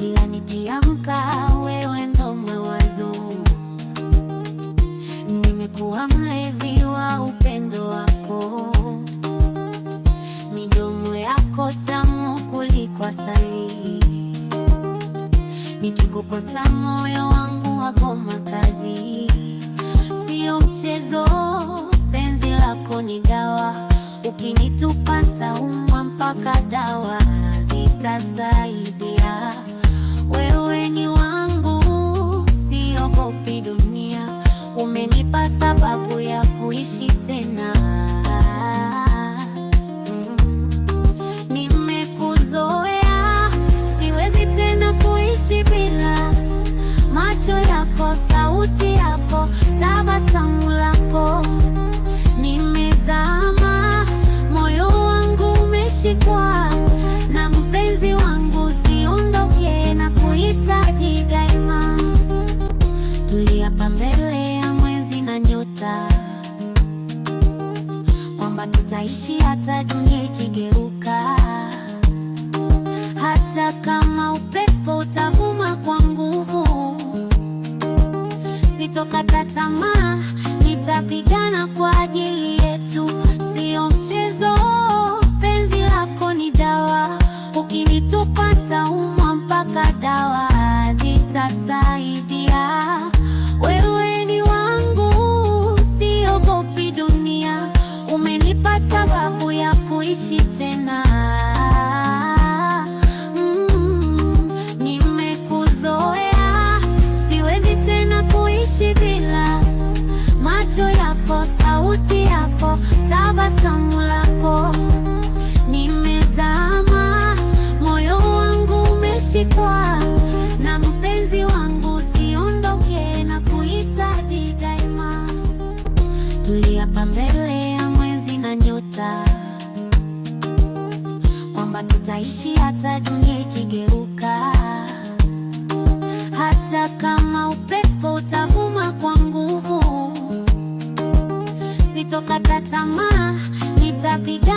kila nikiamka, wewe ndo mawazo. Nimekuwa mlevi wa upendo wako, midomo yako tamu kuliko asali. Nikikukosa moyo wangu wako makazi sio mchezo. Penzi lako ni dawa, ukinitupa taumwa mpaka dawa zitasaidia. kushikwa na mpenzi wangu, siondoke na kuhitaji daima. Tuliapa mbele ya mwezi na nyota kwamba tutaishi hata dunia ikigeuka, hata kama upepo utavuma kwa nguvu, sitokata tamaa, nitapigana kwa ajili yetu. utasaidia. Wewe ni wangu, siogopi dunia, umenipa sababu ya kuishi tena. utaishi hata dunia ikigeuka, hata kama upepo utavuma kwa nguvu, sitokata tamaa, nitapiga